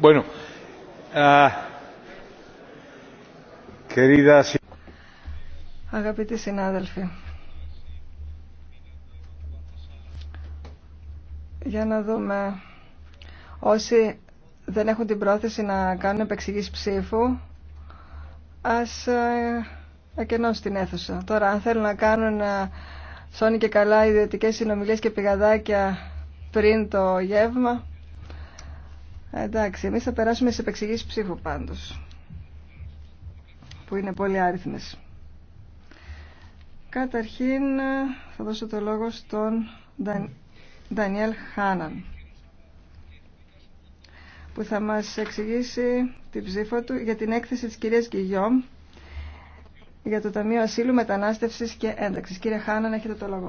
Bueno, uh, querida... Αγαπητοί συνάδελφοι, για να δούμε όσοι δεν έχουν την πρόθεση να κάνουν επεξηγής ψήφου, ας ακενώσουν ε, την αίθουσα. Τώρα, αν θέλουν να κάνουν ε, σώνει και καλά ιδιωτικές συνομιλίες και πηγαδάκια πριν το γεύμα, Εντάξει, εμείς θα περάσουμε σε επεξηγήσεις ψήφου πάντως, που είναι πολύ άριθμες. Καταρχήν θα δώσω το λόγο στον Ντανιέλ Χάναν, που θα μας εξηγήσει την ψήφα του για την έκθεση της κυρίας Γκυγιόμ για το Ταμείο Ασύλου, Μετανάστευσης και Ένταξης. Κύριε Χάναν, έχετε το λόγο.